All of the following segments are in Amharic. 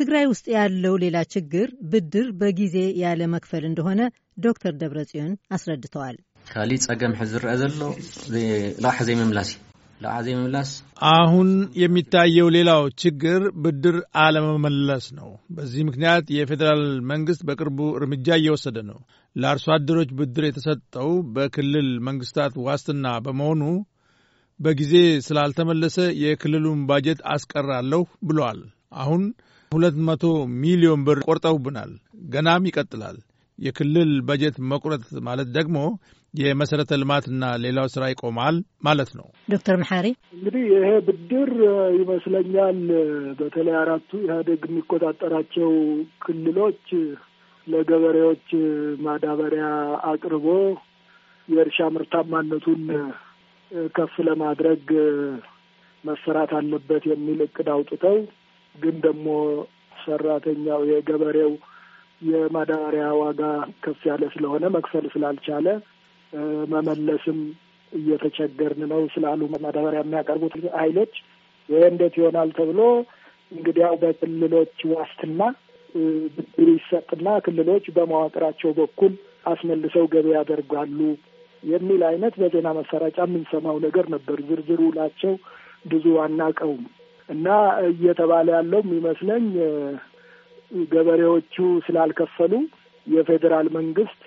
ትግራይ ውስጥ ያለው ሌላ ችግር ብድር በጊዜ ያለ መክፈል እንደሆነ ዶክተር ደብረጽዮን አስረድተዋል። ካሊ ጸገም ሕዚ ዝረአ ዘሎ ላሕ ዘይምምላስ ልቃሕ ዘይምምላስ አሁን የሚታየው ሌላው ችግር ብድር አለመመለስ ነው። በዚህ ምክንያት የፌዴራል መንግስት በቅርቡ እርምጃ እየወሰደ ነው። ለአርሶ አደሮች ብድር የተሰጠው በክልል መንግስታት ዋስትና በመሆኑ በጊዜ ስላልተመለሰ የክልሉን ባጀት አስቀራለሁ ብሏል። አሁን ሁለት መቶ ሚሊዮን ብር ቆርጠውብናል። ገናም ይቀጥላል። የክልል በጀት መቁረጥ ማለት ደግሞ የመሰረተ ልማትና ሌላው ስራ ይቆማል ማለት ነው። ዶክተር መሐሪ እንግዲህ ይሄ ብድር ይመስለኛል በተለይ አራቱ ኢህአዴግ የሚቆጣጠራቸው ክልሎች ለገበሬዎች ማዳበሪያ አቅርቦ የእርሻ ምርታማነቱን ከፍ ለማድረግ መሰራት አለበት የሚል እቅድ አውጥተው ግን ደግሞ ሰራተኛው የገበሬው የማዳበሪያ ዋጋ ከፍ ያለ ስለሆነ መክፈል ስላልቻለ መመለስም እየተቸገርን ነው ስላሉ ማዳበሪያ የሚያቀርቡት ኃይሎች ይህ እንዴት ይሆናል ተብሎ እንግዲያው በክልሎች ዋስትና ብድር ይሰጥና ክልሎች በመዋቅራቸው በኩል አስመልሰው ገበያ ያደርጋሉ የሚል አይነት በዜና መሰራጫ የምንሰማው ነገር ነበር። ዝርዝሩ ላቸው ብዙ አናቀውም። እና እየተባለ ያለው የሚመስለኝ ገበሬዎቹ ስላልከፈሉ የፌዴራል መንግስት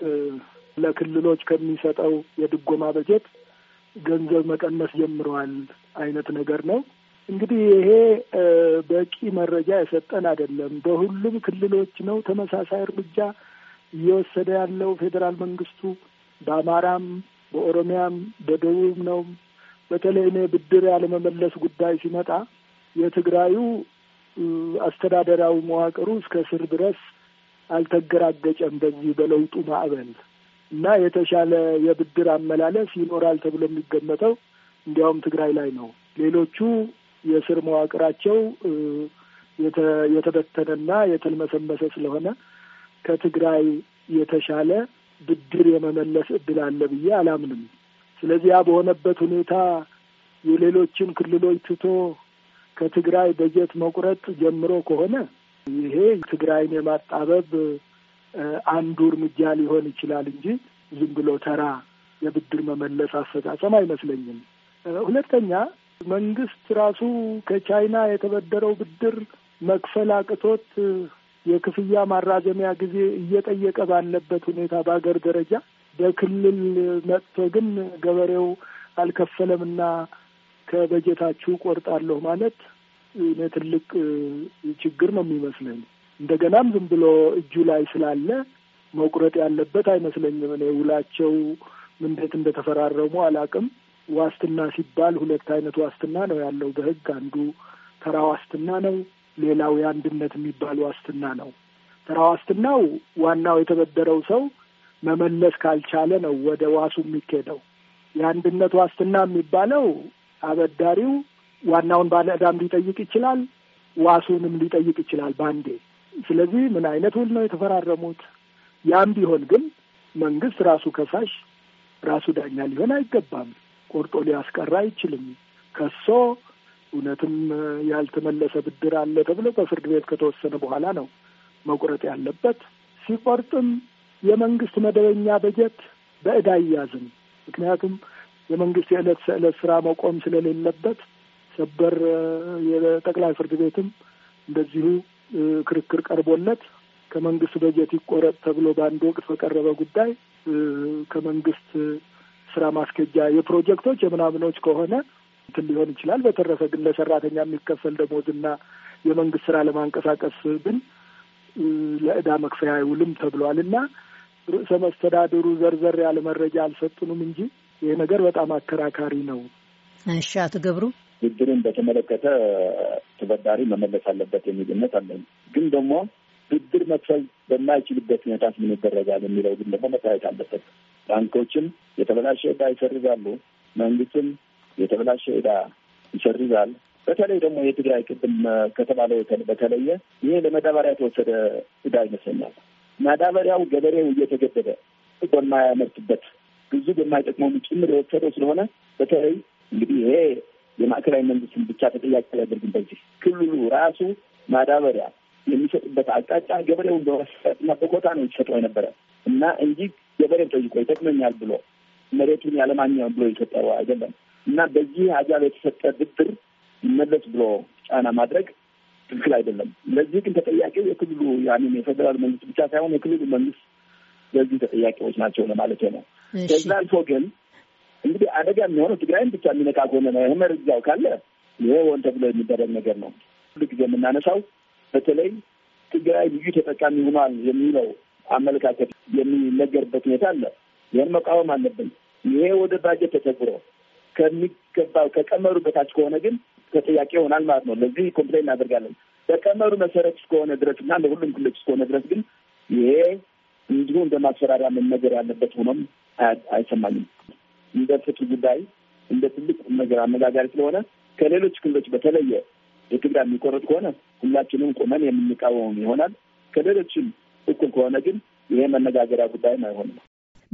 ለክልሎች ከሚሰጠው የድጎማ በጀት ገንዘብ መቀነስ ጀምረዋል አይነት ነገር ነው። እንግዲህ ይሄ በቂ መረጃ የሰጠን አይደለም። በሁሉም ክልሎች ነው ተመሳሳይ እርምጃ እየወሰደ ያለው ፌዴራል መንግስቱ። በአማራም፣ በኦሮሚያም፣ በደቡብ ነው። በተለይ እኔ ብድር ያለመመለስ ጉዳይ ሲመጣ የትግራዩ አስተዳደራዊ መዋቅሩ እስከ ስር ድረስ አልተገራገጨም በዚህ በለውጡ ማዕበል እና የተሻለ የብድር አመላለስ ይኖራል ተብሎ የሚገመተው እንዲያውም ትግራይ ላይ ነው። ሌሎቹ የስር መዋቅራቸው የተበተነና የተልመሰመሰ ስለሆነ ከትግራይ የተሻለ ብድር የመመለስ እድል አለ ብዬ አላምንም። ስለዚህ ያ በሆነበት ሁኔታ የሌሎችን ክልሎች ትቶ ከትግራይ በጀት መቁረጥ ጀምሮ ከሆነ ይሄ ትግራይን የማጣበብ አንዱ እርምጃ ሊሆን ይችላል እንጂ ዝም ብሎ ተራ የብድር መመለስ አፈጻጸም አይመስለኝም። ሁለተኛ መንግስት ራሱ ከቻይና የተበደረው ብድር መክፈል አቅቶት የክፍያ ማራዘሚያ ጊዜ እየጠየቀ ባለበት ሁኔታ በሀገር ደረጃ በክልል መጥቶ ግን ገበሬው አልከፈለምና ከበጀታችሁ ቆርጣለሁ ማለት እኔ ትልቅ ችግር ነው የሚመስለኝ። እንደገናም ዝም ብሎ እጁ ላይ ስላለ መቁረጥ ያለበት አይመስለኝም። እኔ ውላቸው እንዴት እንደተፈራረሙ አላቅም። ዋስትና ሲባል ሁለት አይነት ዋስትና ነው ያለው በህግ አንዱ ተራ ዋስትና ነው፣ ሌላው የአንድነት የሚባል ዋስትና ነው። ተራ ዋስትናው ዋናው የተበደረው ሰው መመለስ ካልቻለ ነው ወደ ዋሱ የሚኬደው። የአንድነት ዋስትና የሚባለው አበዳሪው ዋናውን ባለ ዕዳም ሊጠይቅ ይችላል፣ ዋሱንም ሊጠይቅ ይችላል ባንዴ። ስለዚህ ምን አይነት ውል ነው የተፈራረሙት? ያም ቢሆን ግን መንግስት ራሱ ከሳሽ ራሱ ዳኛ ሊሆን አይገባም። ቆርጦ ሊያስቀራ አይችልም። ከሶ እውነትም ያልተመለሰ ብድር አለ ተብሎ በፍርድ ቤት ከተወሰነ በኋላ ነው መቁረጥ ያለበት። ሲቆርጥም የመንግስት መደበኛ በጀት በእዳ ይያዝም። ምክንያቱም የመንግስት የዕለት ተዕለት ስራ መቆም ስለሌለበት ሰበር የጠቅላይ ፍርድ ቤትም እንደዚሁ ክርክር ቀርቦለት ከመንግስት በጀት ይቆረጥ ተብሎ በአንድ ወቅት በቀረበ ጉዳይ ከመንግስት ስራ ማስኬጃ የፕሮጀክቶች የምናምኖች ከሆነ እንትን ሊሆን ይችላል። በተረፈ ግን ለሰራተኛ የሚከፈል ደሞዝና የመንግስት ስራ ለማንቀሳቀስ ግን ለእዳ መክፈያ አይውልም ተብሏል እና ርዕሰ መስተዳድሩ ዘርዘር ያለ መረጃ አልሰጡንም እንጂ ይሄ ነገር በጣም አከራካሪ ነው። እሺ፣ አቶ ገብሩ ብድሩን በተመለከተ ተበዳሪ መመለስ አለበት የሚል እምነት አለኝ። ግን ደግሞ ብድር መክፈል በማይችልበት ሁኔታስ ምን ይደረጋል የሚለው ግን ደግሞ መታየት አለበት። ባንኮችም የተበላሸ ዕዳ ይሰርዛሉ፣ መንግስትም የተበላሸ ዕዳ ይሰርዛል። በተለይ ደግሞ የትግራይ ቅድም ከተባለው በተለየ ይሄ ለመዳበሪያ የተወሰደ ዕዳ ይመስለኛል። ማዳበሪያው ገበሬው እየተገደደ በማያመርትበት ግዙፍ የማይጠቅመውን ጭምር የወሰደው ስለሆነ በተለይ እንግዲህ ይሄ የማዕከላዊ መንግስትን ብቻ ተጠያቂ አያደርግም። በዚህ ክልሉ ራሱ ማዳበሪያ የሚሰጥበት አቅጣጫ ገበሬውን በማስፈጥና በኮታ ነው የተሰጠው የነበረ እና እንጂ ገበሬው ጠይቆ ይጠቅመኛል ብሎ መሬቱን ያለማኛ ብሎ የሰጠው አይደለም እና በዚህ አጃብ የተሰጠ ብድር ይመለስ ብሎ ጫና ማድረግ ትክክል አይደለም። ለዚህ ግን ተጠያቂው የክልሉ ያንን የፌዴራል መንግስት ብቻ ሳይሆን የክልሉ መንግስት በዚህ ተጠያቂዎች ናቸው ለማለት ነው። ከዛ አልፎ ግን እንግዲህ አደጋ የሚሆነው ትግራይን ብቻ የሚነካ ከሆነ ነው። ህመር እዚያው ካለ ይሄ ሆን ተብሎ የሚደረግ ነገር ነው። ሁሉ ጊዜ የምናነሳው በተለይ ትግራይ ልዩ ተጠቃሚ ሆኗል የሚለው አመለካከት የሚነገርበት ሁኔታ አለ። ይህን መቃወም አለብን። ይሄ ወደ ባጀት ተተግብሮ ከሚገባው ከቀመሩ በታች ከሆነ ግን ተጠያቂ ይሆናል ማለት ነው። ለዚህ ኮምፕሌን እናደርጋለን። በቀመሩ መሰረት እስከሆነ ድረስ እና ለሁሉም ክልሎች እስከሆነ ድረስ ግን ይሄ እንዲሁ እንደ ማስፈራሪያ መነገር ያለበት ሆኖም አይሰማኝም። እንደ ፍትህ ጉዳይ እንደ ትልቅ ነገር አነጋጋሪ ስለሆነ ከሌሎች ክልሎች በተለየ የትግራይ የሚቆረጥ ከሆነ ሁላችንም ቁመን የምንቃወም ይሆናል። ከሌሎችም እኩል ከሆነ ግን ይሄ መነጋገሪያ ጉዳይም አይሆንም።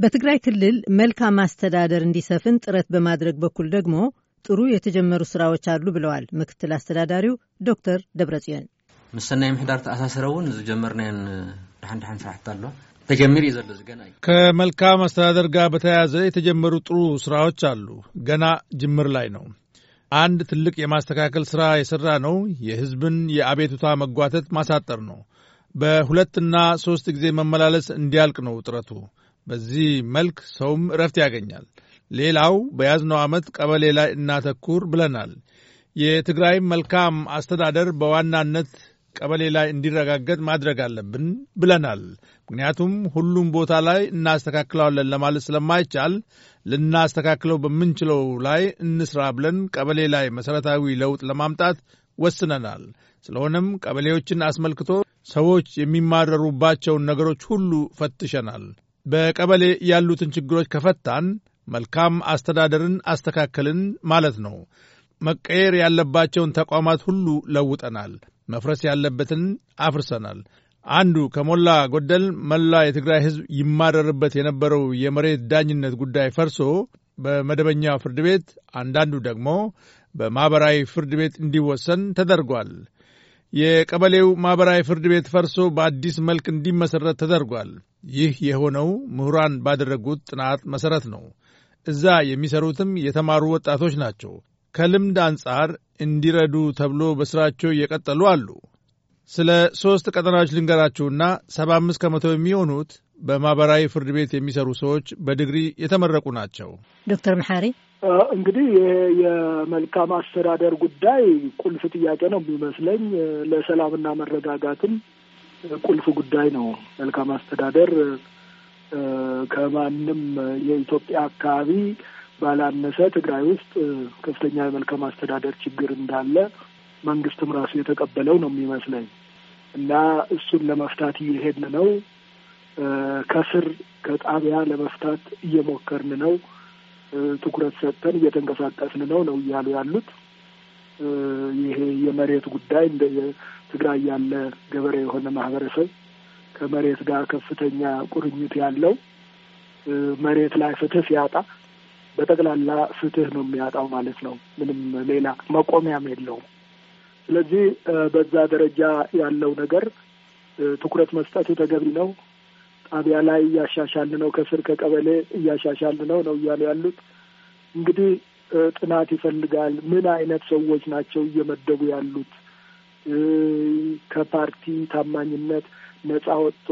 በትግራይ ክልል መልካም አስተዳደር እንዲሰፍን ጥረት በማድረግ በኩል ደግሞ ጥሩ የተጀመሩ ስራዎች አሉ ብለዋል ምክትል አስተዳዳሪው ዶክተር ደብረጽዮን። ምስ ምሕዳር ተኣሳሰረ እውን ድሓን ድሓን ስራሕቲ ኣለዋ ተጀምር ይዘለዝ ገና ከመልካም አስተዳደር ጋር በተያያዘ የተጀመሩ ጥሩ ስራዎች አሉ። ገና ጅምር ላይ ነው። አንድ ትልቅ የማስተካከል ስራ የሰራ ነው የህዝብን የአቤቱታ መጓተት ማሳጠር ነው። በሁለትና ሶስት ጊዜ መመላለስ እንዲያልቅ ነው ጥረቱ። በዚህ መልክ ሰውም እረፍት ያገኛል። ሌላው በያዝነው ዓመት ቀበሌ ላይ እናተኩር ብለናል። የትግራይ መልካም አስተዳደር በዋናነት ቀበሌ ላይ እንዲረጋገጥ ማድረግ አለብን ብለናል። ምክንያቱም ሁሉም ቦታ ላይ እናስተካክለዋለን ለማለት ስለማይቻል ልናስተካክለው በምንችለው ላይ እንስራ ብለን ቀበሌ ላይ መሠረታዊ ለውጥ ለማምጣት ወስነናል። ስለሆነም ቀበሌዎችን አስመልክቶ ሰዎች የሚማረሩባቸውን ነገሮች ሁሉ ፈትሸናል። በቀበሌ ያሉትን ችግሮች ከፈታን መልካም አስተዳደርን አስተካከልን ማለት ነው። መቀየር ያለባቸውን ተቋማት ሁሉ ለውጠናል። መፍረስ ያለበትን አፍርሰናል። አንዱ ከሞላ ጎደል መላ የትግራይ ሕዝብ ይማረርበት የነበረው የመሬት ዳኝነት ጉዳይ ፈርሶ በመደበኛ ፍርድ ቤት፣ አንዳንዱ ደግሞ በማኅበራዊ ፍርድ ቤት እንዲወሰን ተደርጓል። የቀበሌው ማኅበራዊ ፍርድ ቤት ፈርሶ በአዲስ መልክ እንዲመሠረት ተደርጓል። ይህ የሆነው ምሁራን ባደረጉት ጥናት መሠረት ነው። እዛ የሚሠሩትም የተማሩ ወጣቶች ናቸው። ከልምድ አንጻር እንዲረዱ ተብሎ በሥራቸው እየቀጠሉ አሉ። ስለ ሦስት ቀጠናዎች ልንገራችሁና 75 ከመቶ የሚሆኑት በማኅበራዊ ፍርድ ቤት የሚሰሩ ሰዎች በድግሪ የተመረቁ ናቸው። ዶክተር መሐሪ እንግዲህ ይሄ የመልካም አስተዳደር ጉዳይ ቁልፍ ጥያቄ ነው የሚመስለኝ። ለሰላምና መረጋጋትም ቁልፍ ጉዳይ ነው። መልካም አስተዳደር ከማንም የኢትዮጵያ አካባቢ ባላነሰ ትግራይ ውስጥ ከፍተኛ የመልካም አስተዳደር ችግር እንዳለ መንግስትም ራሱ የተቀበለው ነው የሚመስለኝ እና እሱን ለመፍታት እየሄድን ነው። ከስር ከጣቢያ ለመፍታት እየሞከርን ነው። ትኩረት ሰጥተን እየተንቀሳቀስን ነው ነው እያሉ ያሉት። ይሄ የመሬት ጉዳይ እንደ ትግራይ ያለ ገበሬ የሆነ ማህበረሰብ ከመሬት ጋር ከፍተኛ ቁርኝት ያለው መሬት ላይ ፍትህ ሲያጣ በጠቅላላ ፍትህ ነው የሚያጣው ማለት ነው። ምንም ሌላ መቆሚያም የለውም። ስለዚህ በዛ ደረጃ ያለው ነገር ትኩረት መስጠቱ ተገቢ ነው። ጣቢያ ላይ እያሻሻል ነው፣ ከስር ከቀበሌ እያሻሻል ነው ነው እያሉ ያሉት እንግዲህ ጥናት ይፈልጋል። ምን አይነት ሰዎች ናቸው እየመደቡ ያሉት? ከፓርቲ ታማኝነት ነጻ ወጥቶ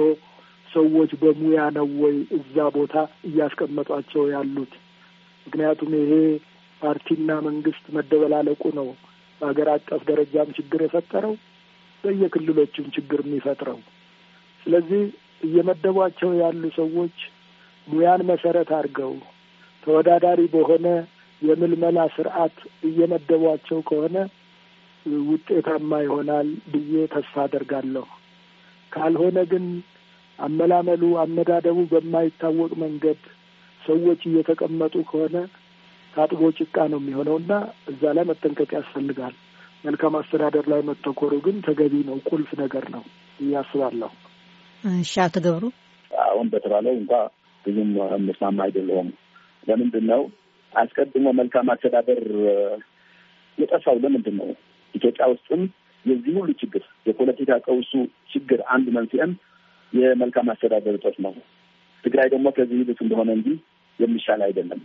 ሰዎች በሙያ ነው ወይ እዛ ቦታ እያስቀመጧቸው ያሉት? ምክንያቱም ይሄ ፓርቲና መንግስት መደበላለቁ ነው በሀገር አቀፍ ደረጃም ችግር የፈጠረው በየክልሎችም ችግር የሚፈጥረው። ስለዚህ እየመደቧቸው ያሉ ሰዎች ሙያን መሰረት አድርገው ተወዳዳሪ በሆነ የምልመላ ስርዓት እየመደቧቸው ከሆነ ውጤታማ ይሆናል ብዬ ተስፋ አደርጋለሁ። ካልሆነ ግን አመላመሉ፣ አመዳደቡ በማይታወቅ መንገድ ሰዎች እየተቀመጡ ከሆነ ታጥቦ ጭቃ ነው የሚሆነው እና እዛ ላይ መጠንቀቅ ያስፈልጋል። መልካም አስተዳደር ላይ መተኮሩ ግን ተገቢ ነው፣ ቁልፍ ነገር ነው እያስባለሁ። እሺ፣ አቶ ገብሩ አሁን በተባለው እንኳ ብዙም የምስማማ አይደለሁም። ለምንድን ነው አስቀድሞ መልካም አስተዳደር የጠፋው? ለምንድን ነው ኢትዮጵያ ውስጥም የዚህ ሁሉ ችግር የፖለቲካ ቀውሱ ችግር አንድ መንስኤም የመልካም አስተዳደር እጦት ነው። ትግራይ ደግሞ ከዚህ ሂዱት እንደሆነ እንጂ የሚሻል አይደለም።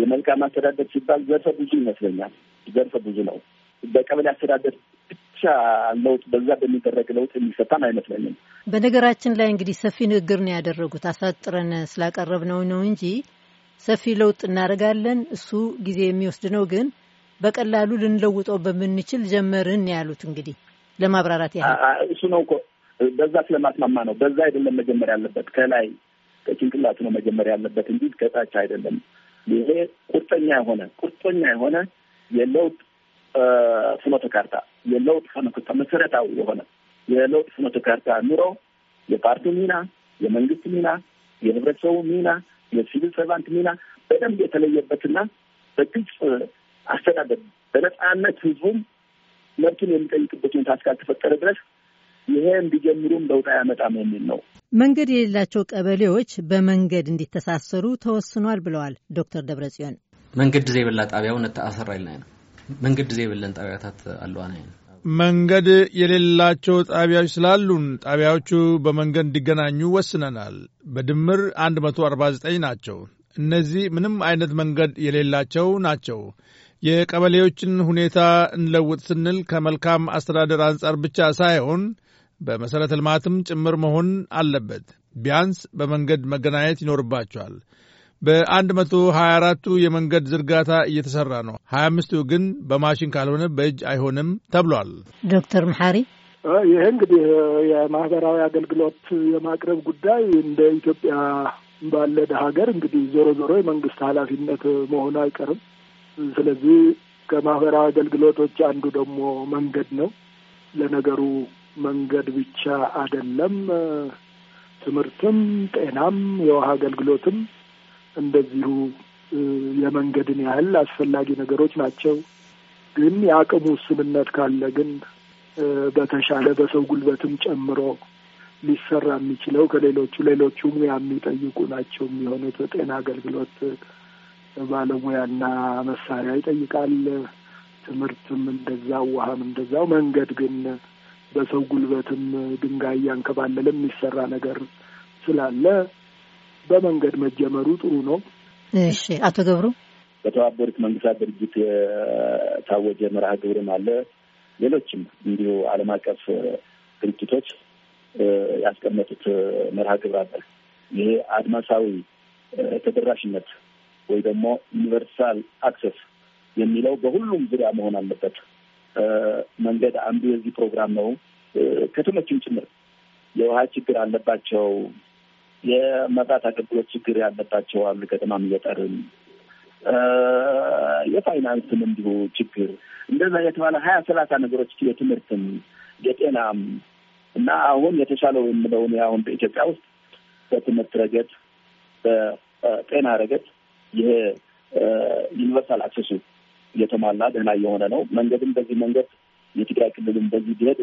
የመልካም አስተዳደር ሲባል ዘርፈ ብዙ ይመስለኛል። ዘርፈ ብዙ ነው። በቀበሌ አስተዳደር ብቻ ለውጥ በዛ በሚደረግ ለውጥ የሚፈታም አይመስለኝም። በነገራችን ላይ እንግዲህ ሰፊ ንግግር ነው ያደረጉት። አሳጥረን ስላቀረብ ነው ነው እንጂ ሰፊ ለውጥ እናደርጋለን፣ እሱ ጊዜ የሚወስድ ነው፣ ግን በቀላሉ ልንለውጠው በምንችል ጀመርን ያሉት እንግዲህ ለማብራራት ያህል እሱ ነው እኮ በዛ ስለማስማማ ነው። በዛ አይደለም መጀመር ያለበት ከላይ ከጭንቅላቱ ነው መጀመር ያለበት እንጂ ከታች አይደለም። ይሄ ቁርጠኛ የሆነ ቁርጠኛ የሆነ የለውጥ ፍኖተ ካርታ የለውጥ መሰረታዊ የሆነ የለውጥ ፍኖተ ካርታ ኑሮ የፓርቲው ሚና፣ የመንግስት ሚና፣ የህብረተሰቡ ሚና፣ የሲቪል ሰርቫንት ሚና በደንብ የተለየበትና በግልጽ አስተዳደር በነፃነት ህዝቡም መብቱን የሚጠይቅበት ሁኔታ እስካልተፈጠረ ድረስ ይሄ እንዲጀምሩም ለውጥ አያመጣም የሚል ነው። መንገድ የሌላቸው ቀበሌዎች በመንገድ እንዲተሳሰሩ ተወስኗል ብለዋል ዶክተር ደብረጽዮን። መንገድ የበላ ጣቢያው ነታ አሰራ ይልና ነው መንገድ የበለን ጣቢያታት አለዋ ነው መንገድ የሌላቸው ጣቢያዎች ስላሉን ጣቢያዎቹ በመንገድ እንዲገናኙ ወስነናል። በድምር 149 ናቸው። እነዚህ ምንም አይነት መንገድ የሌላቸው ናቸው። የቀበሌዎችን ሁኔታ እንለውጥ ስንል ከመልካም አስተዳደር አንጻር ብቻ ሳይሆን በመሠረተ ልማትም ጭምር መሆን አለበት። ቢያንስ በመንገድ መገናኘት ይኖርባቸዋል። በ124ቱ የመንገድ ዝርጋታ እየተሠራ ነው። 25ቱ ግን በማሽን ካልሆነ በእጅ አይሆንም ተብሏል። ዶክተር መሐሪ ይህ እንግዲህ የማህበራዊ አገልግሎት የማቅረብ ጉዳይ እንደ ኢትዮጵያ ባለ ሀገር እንግዲህ ዞሮ ዞሮ የመንግስት ኃላፊነት መሆኑ አይቀርም። ስለዚህ ከማህበራዊ አገልግሎቶች አንዱ ደግሞ መንገድ ነው። ለነገሩ መንገድ ብቻ አይደለም። ትምህርትም፣ ጤናም፣ የውሃ አገልግሎትም እንደዚሁ የመንገድን ያህል አስፈላጊ ነገሮች ናቸው። ግን የአቅሙ ውስንነት ካለ ግን በተሻለ በሰው ጉልበትም ጨምሮ ሊሰራ የሚችለው ከሌሎቹ ሌሎቹ ሙያ የሚጠይቁ ናቸው የሚሆኑት። ጤና አገልግሎት ባለሙያና መሳሪያ ይጠይቃል። ትምህርትም እንደዛው፣ ውሃም እንደዛው። መንገድ ግን በሰው ጉልበትም ድንጋይ እያንከባለለ የሚሰራ ነገር ስላለ በመንገድ መጀመሩ ጥሩ ነው። እሺ፣ አቶ ገብሩ በተባበሩት መንግስታት ድርጅት የታወጀ መርሃ ግብርም አለ። ሌሎችም እንዲሁ ዓለም አቀፍ ድርጅቶች ያስቀመጡት መርሃ ግብር አለ። ይሄ አድማሳዊ ተደራሽነት ወይ ደግሞ ዩኒቨርሳል አክሰስ የሚለው በሁሉም ዙሪያ መሆን አለበት። መንገድ አንዱ የዚህ ፕሮግራም ነው። ከተሞችም ጭምር የውሃ ችግር አለባቸው። የመብራት አገልግሎት ችግር ያለባቸው አሉ። ከተማም እየጠርን የፋይናንስም እንዲሁ ችግር እንደዛ የተባለ ሀያ ሰላሳ ነገሮች የትምህርትም የጤናም እና አሁን የተሻለው የምለውን አሁን በኢትዮጵያ ውስጥ በትምህርት ረገድ በጤና ረገድ ይሄ ዩኒቨርሳል አክሰሱ የተሟላ ደህና እየሆነ ነው። መንገድም በዚህ መንገድ የትግራይ ክልልም በዚህ ቢሄድ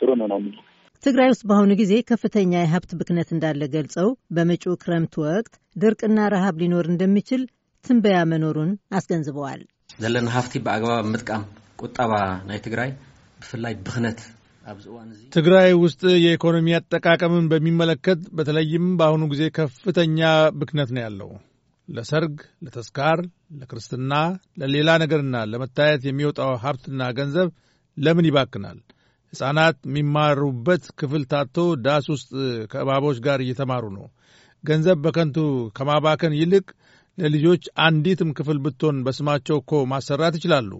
ጥሩ ነው ነው የሚሉት። ትግራይ ውስጥ በአሁኑ ጊዜ ከፍተኛ የሀብት ብክነት እንዳለ ገልጸው በመጪው ክረምት ወቅት ድርቅና ረሃብ ሊኖር እንደሚችል ትንበያ መኖሩን አስገንዝበዋል። ዘለን ሃፍቲ በአግባብ ምጥቃም ቁጠባ ናይ ትግራይ ብፍላይ ብክነት ትግራይ ውስጥ የኢኮኖሚ አጠቃቀምን በሚመለከት በተለይም በአሁኑ ጊዜ ከፍተኛ ብክነት ነው ያለው። ለሰርግ፣ ለተስካር፣ ለክርስትና፣ ለሌላ ነገርና ለመታየት የሚወጣው ሀብትና ገንዘብ ለምን ይባክናል? ሕፃናት የሚማሩበት ክፍል ታቶ ዳስ ውስጥ ከእባቦች ጋር እየተማሩ ነው። ገንዘብ በከንቱ ከማባከን ይልቅ ለልጆች አንዲትም ክፍል ብትሆን በስማቸው እኮ ማሰራት ይችላሉ።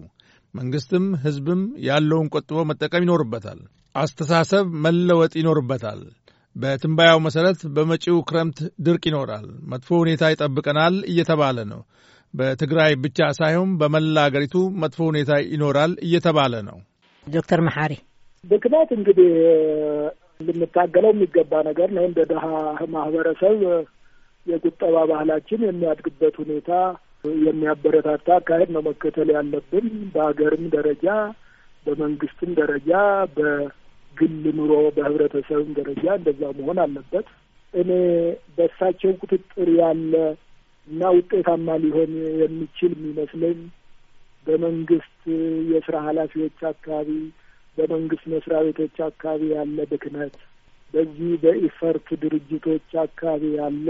መንግሥትም ሕዝብም ያለውን ቆጥቦ መጠቀም ይኖርበታል። አስተሳሰብ መለወጥ ይኖርበታል። በትንባያው መሰረት በመጪው ክረምት ድርቅ ይኖራል፣ መጥፎ ሁኔታ ይጠብቀናል እየተባለ ነው። በትግራይ ብቻ ሳይሆን በመላ አገሪቱ መጥፎ ሁኔታ ይኖራል እየተባለ ነው። ዶክተር መሐሪ ብክነት እንግዲህ ልንታገለው የሚገባ ነገር ነው። እንደ ድሀ ማህበረሰብ የቁጠባ ባህላችን የሚያድግበት ሁኔታ የሚያበረታታ አካሄድ ነው መከተል ያለብን በሀገርም ደረጃ በመንግስትም ደረጃ ግል ኑሮ በህብረተሰብም ደረጃ እንደዛ መሆን አለበት። እኔ በእሳቸው ቁጥጥር ያለ እና ውጤታማ ሊሆን የሚችል የሚመስለኝ በመንግስት የስራ ኃላፊዎች አካባቢ፣ በመንግስት መስሪያ ቤቶች አካባቢ ያለ ብክነት፣ በዚህ በኢፈርት ድርጅቶች አካባቢ ያለ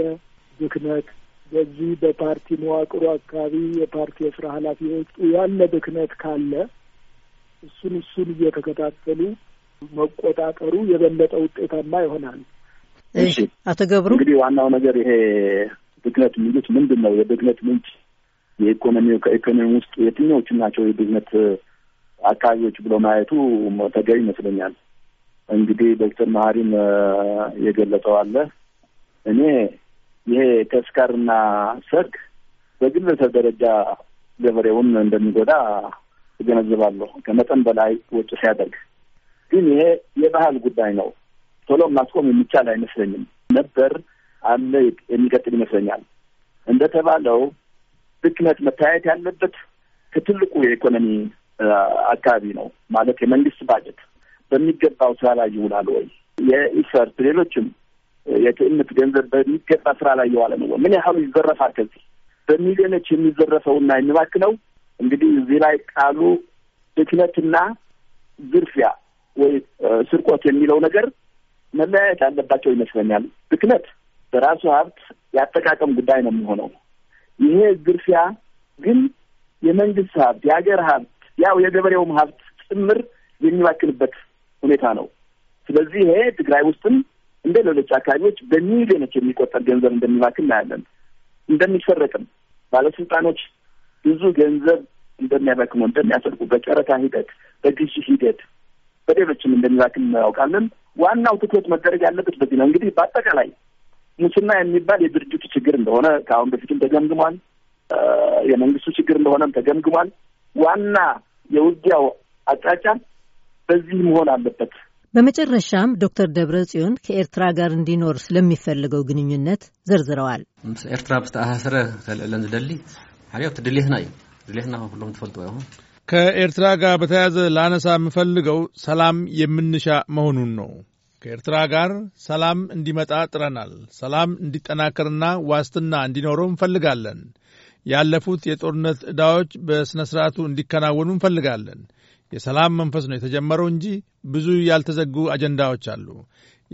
ብክነት፣ በዚህ በፓርቲ መዋቅሩ አካባቢ የፓርቲ የስራ ኃላፊዎች ያለ ብክነት ካለ እሱን እሱን እየተከታተሉ መቆጣጠሩ የበለጠ ውጤታማ ይሆናል። እሺ አቶ ገብሩ እንግዲህ ዋናው ነገር ይሄ ብክነት የሚሉት ምንድን ነው? የብክነት ምንጭ የኢኮኖሚው ከኢኮኖሚ ውስጥ የትኛዎቹ ናቸው የብክነት አካባቢዎች ብሎ ማየቱ ተገቢ ይመስለኛል። እንግዲህ ዶክተር መሀሪም የገለጸው አለ። እኔ ይሄ ተስካርና ሰርግ በግለሰብ ደረጃ ገበሬውን እንደሚጎዳ እገነዝባለሁ። ከመጠን በላይ ወጪ ሲያደርግ ግን ይሄ የባህል ጉዳይ ነው። ቶሎ ማስቆም የሚቻል አይመስለኝም። ነበር አለ የሚቀጥል ይመስለኛል። እንደተባለው ብክነት መታየት ያለበት ከትልቁ የኢኮኖሚ አካባቢ ነው ማለት የመንግስት ባጀት በሚገባው ስራ ላይ ይውላል ወይ? የኢሰርት ሌሎችም የትዕምት ገንዘብ በሚገባ ስራ ላይ የዋለ ነው ወይ? ምን ያህሉ ይዘረፋል? ከዚህ በሚሊዮኖች የሚዘረፈውና የሚባክነው እንግዲህ እዚህ ላይ ቃሉ ብክነትና ዝርፊያ ወይ ስርቆት የሚለው ነገር መለያየት አለባቸው ይመስለኛል። ብክነት በራሱ ሀብት የአጠቃቀም ጉዳይ ነው የሚሆነው። ይሄ ግርፊያ ግን የመንግስት ሀብት፣ የሀገር ሀብት፣ ያው የገበሬውም ሀብት ጭምር የሚባክንበት ሁኔታ ነው። ስለዚህ ይሄ ትግራይ ውስጥም እንደ ሌሎች አካባቢዎች በሚሊዮኖች የሚቆጠር ገንዘብ እንደሚባክን እናያለን። እንደሚሰረቅም ባለስልጣኖች ብዙ ገንዘብ እንደሚያበክሙ እንደሚያሰርቁ በጨረታ ሂደት፣ በግዢ ሂደት በሌሎችም እንደሚላክም እናያውቃለን። ዋናው ትኩረት መደረግ ያለበት በዚህ ነው። እንግዲህ በአጠቃላይ ሙስና የሚባል የድርጅቱ ችግር እንደሆነ ከአሁን በፊትም ተገምግሟል። የመንግስቱ ችግር እንደሆነም ተገምግሟል። ዋና የውጊያው አቅጣጫ በዚህ መሆን አለበት። በመጨረሻም ዶክተር ደብረ ጽዮን ከኤርትራ ጋር እንዲኖር ስለሚፈልገው ግንኙነት ዘርዝረዋል። ኤርትራ ብዝተኣሳሰረ ከልዕለን ዝደሊ ሓደ ድሌትና እዩ ድሌትና ከም ኩሎም ትፈልጥዎ ይኹን ከኤርትራ ጋር በተያያዘ ላነሳ የምፈልገው ሰላም የምንሻ መሆኑን ነው። ከኤርትራ ጋር ሰላም እንዲመጣ ጥረናል። ሰላም እንዲጠናከርና ዋስትና እንዲኖረው እንፈልጋለን። ያለፉት የጦርነት ዕዳዎች በሥነ ሥርዓቱ እንዲከናወኑ እንፈልጋለን። የሰላም መንፈስ ነው የተጀመረው እንጂ ብዙ ያልተዘጉ አጀንዳዎች አሉ።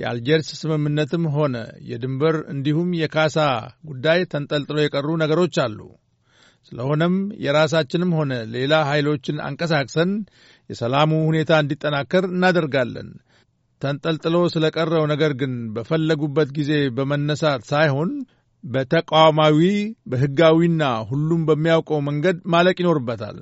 የአልጀርስ ስምምነትም ሆነ የድንበር እንዲሁም የካሳ ጉዳይ ተንጠልጥሎ የቀሩ ነገሮች አሉ። ስለሆነም የራሳችንም ሆነ ሌላ ኃይሎችን አንቀሳቅሰን የሰላሙ ሁኔታ እንዲጠናከር እናደርጋለን። ተንጠልጥሎ ስለ ቀረው ነገር ግን በፈለጉበት ጊዜ በመነሳት ሳይሆን በተቋማዊ በሕጋዊና ሁሉም በሚያውቀው መንገድ ማለቅ ይኖርበታል።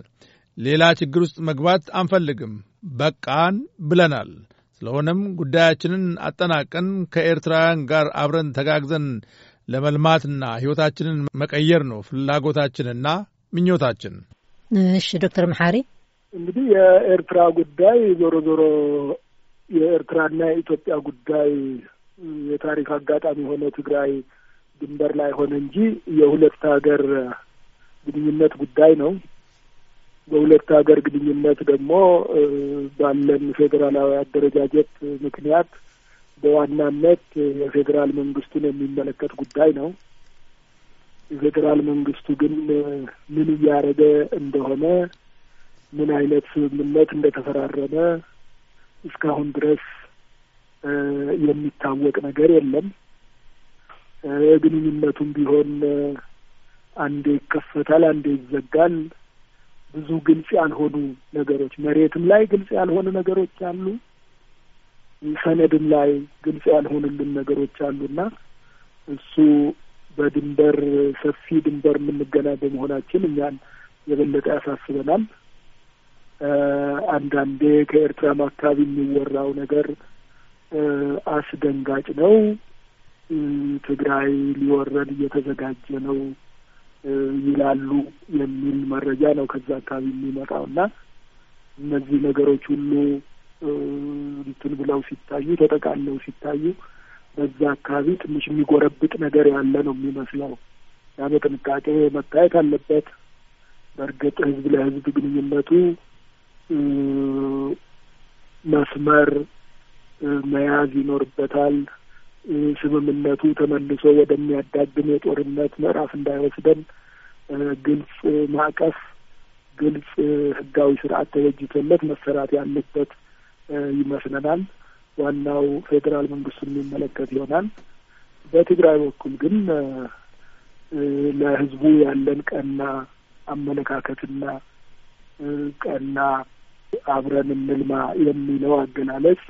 ሌላ ችግር ውስጥ መግባት አንፈልግም። በቃን ብለናል። ስለሆነም ጉዳያችንን አጠናቀን ከኤርትራውያን ጋር አብረን ተጋግዘን ለመልማትና ሕይወታችንን መቀየር ነው ፍላጎታችንና ምኞታችን። እሺ ዶክተር መሐሪ እንግዲህ የኤርትራ ጉዳይ ዞሮ ዞሮ የኤርትራና የኢትዮጵያ ጉዳይ የታሪክ አጋጣሚ የሆነ ትግራይ ድንበር ላይ ሆነ እንጂ የሁለት ሀገር ግንኙነት ጉዳይ ነው። በሁለት ሀገር ግንኙነት ደግሞ ባለን ፌዴራላዊ አደረጃጀት ምክንያት በዋናነት የፌዴራል መንግስቱን የሚመለከት ጉዳይ ነው። የፌዴራል መንግስቱ ግን ምን እያደረገ እንደሆነ ምን አይነት ስምምነት እንደተፈራረመ እስካሁን ድረስ የሚታወቅ ነገር የለም። ግንኙነቱም ቢሆን አንዴ ይከፈታል፣ አንዴ ይዘጋል። ብዙ ግልጽ ያልሆኑ ነገሮች መሬትም ላይ ግልጽ ያልሆኑ ነገሮች አሉ። ሰነድም ላይ ግልጽ ያልሆንልን ነገሮች አሉና እሱ በድንበር ሰፊ ድንበር የምንገናኝ በመሆናችን እኛን የበለጠ ያሳስበናል። አንዳንዴ ከኤርትራም አካባቢ የሚወራው ነገር አስደንጋጭ ነው። ትግራይ ሊወረድ እየተዘጋጀ ነው ይላሉ የሚል መረጃ ነው ከዛ አካባቢ የሚመጣው እና እነዚህ ነገሮች ሁሉ እንትን ብለው ሲታዩ ተጠቃለው ሲታዩ በዛ አካባቢ ትንሽ የሚጎረብጥ ነገር ያለ ነው የሚመስለው። ያ በጥንቃቄ መታየት አለበት። በእርግጥ ህዝብ ለህዝብ ግንኙነቱ መስመር መያዝ ይኖርበታል። ስምምነቱ ተመልሶ ወደሚያዳግም የጦርነት ምዕራፍ እንዳይወስደን ግልጽ ማዕቀፍ፣ ግልጽ ህጋዊ ስርዓት ተበጅቶለት መሰራት ያለበት ይመስለናል። ዋናው ፌዴራል መንግስት የሚመለከት ይሆናል። በትግራይ በኩል ግን ለህዝቡ ያለን ቀና አመለካከትና ቀና አብረን እንልማ የሚለው አገላለጽ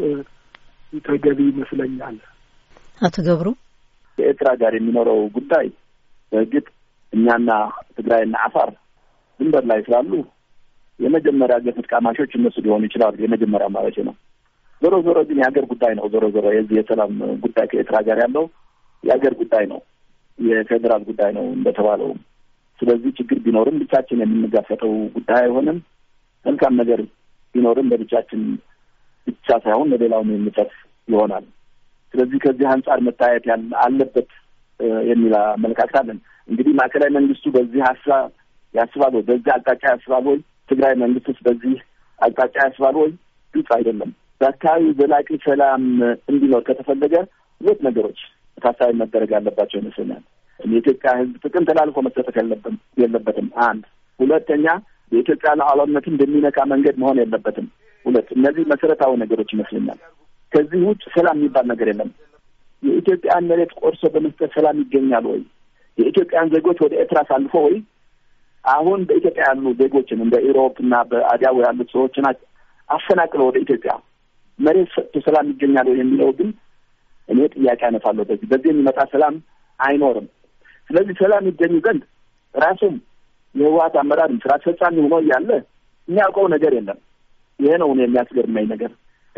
ተገቢ ይመስለኛል። አቶ ገብሩ ከኤርትራ ጋር የሚኖረው ጉዳይ በእርግጥ እኛና ትግራይና አፋር ድንበር ላይ ስላሉ የመጀመሪያ ገፍት ቀማሾች እነሱ ሊሆኑ ይችላሉ። የመጀመሪያ ማለት ነው። ዞሮ ዞሮ ግን የሀገር ጉዳይ ነው። ዞሮ ዞሮ የዚህ የሰላም ጉዳይ ከኤርትራ ጋር ያለው የሀገር ጉዳይ ነው፣ የፌዴራል ጉዳይ ነው እንደተባለው። ስለዚህ ችግር ቢኖርም ብቻችን የምንጋፈጠው ጉዳይ አይሆንም። መልካም ነገር ቢኖርም በብቻችን ብቻ ሳይሆን ለሌላውም የሚጠፍ ይሆናል። ስለዚህ ከዚህ አንጻር መታየት አለበት የሚል አመለካከት አለን። እንግዲህ ማዕከላዊ መንግስቱ በዚህ ሀሳብ ያስባል ወይ በዚህ አቅጣጫ ያስባል ወይ ትግራይ መንግስትስ በዚህ አቅጣጫ ያስባል ወይ? ግልጽ አይደለም። በአካባቢው ዘላቂ ሰላም እንዲኖር ከተፈለገ ሁለት ነገሮች ታሳቢ መደረግ ያለባቸው ይመስለኛል። የኢትዮጵያ ሕዝብ ጥቅም ተላልፎ መሰጠት የለበትም። አንድ ሁለተኛ የኢትዮጵያ ሉዓላዊነትን በሚነካ መንገድ መሆን የለበትም። ሁለት እነዚህ መሰረታዊ ነገሮች ይመስለኛል። ከዚህ ውጭ ሰላም የሚባል ነገር የለም። የኢትዮጵያን መሬት ቆርሶ በመስጠት ሰላም ይገኛል ወይ? የኢትዮጵያን ዜጎች ወደ ኤርትራ አሳልፎ ወይ አሁን በኢትዮጵያ ያሉ ዜጎችን እንደ ኢሮፕ እና በአዲያው ያሉት ሰዎችን አፈናቅለው ወደ ኢትዮጵያ መሬት ሰጥቶ ሰላም ይገኛል የሚለው ግን እኔ ጥያቄ አነሳለሁ። በዚህ በዚህ የሚመጣ ሰላም አይኖርም። ስለዚህ ሰላም ይገኙ ዘንድ ራሱም የህወሀት አመራር ስራ አስፈጻሚ ሆኖ እያለ የሚያውቀው ነገር የለም። ይሄ ነው የሚያስገርመኝ ነገር።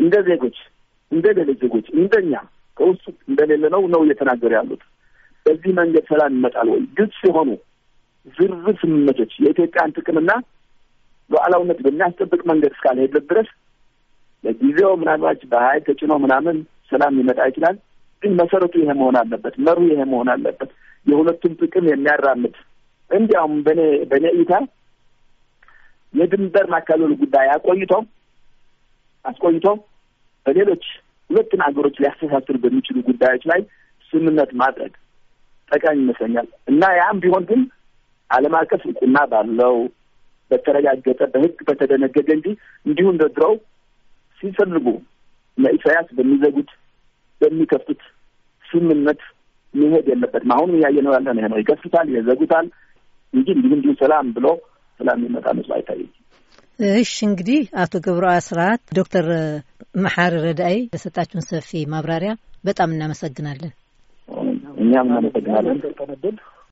እንደ ዜጎች እንደ ሌሎች ዜጎች እንደኛ ከውስጥ እንደሌለ ነው ነው እየተናገሩ ያሉት። በዚህ መንገድ ሰላም ይመጣል ወይ ግልጽ የሆኑ ዝርዝር ስምምነቶች የኢትዮጵያን ጥቅምና ሉዓላዊነት በሚያስጠብቅ መንገድ እስካልሄደ ድረስ ለጊዜው ምናልባት በሀይል ተጭኖ ምናምን ሰላም ሊመጣ ይችላል። ግን መሰረቱ ይሄ መሆን አለበት፣ መሩ ይሄ መሆን አለበት። የሁለቱም ጥቅም የሚያራምድ እንዲያውም በኔ በእኔ እይታ የድንበር ማካለሉ ጉዳይ አቆይቶ አስቆይቶ በሌሎች ሁለቱን ሀገሮች ሊያስተሳስር በሚችሉ ጉዳዮች ላይ ስምምነት ማድረግ ጠቃሚ ይመስለኛል እና ያም ቢሆን ግን ዓለም አቀፍ እውቅና ባለው በተረጋገጠ በህግ በተደነገገ እንጂ እንዲሁ እንደ ሲፈልጉ እነ ኢሳያስ በሚዘጉት በሚከፍቱት ስምምነት መሄድ የለበትም። አሁንም እያየነው ያለ ነው ነው ይከፍቱታል፣ ይዘጉታል እንጂ እንዲሁ እንዲሁ ሰላም ብሎ ሰላም የሚመጣ መስሎ አይታየኝም። እሺ እንግዲህ አቶ ገብሩ አስራት፣ ዶክተር መሐሪ ረዳይ ለሰጣችሁን ሰፊ ማብራሪያ በጣም እናመሰግናለን። እኛም እናመሰግናለን።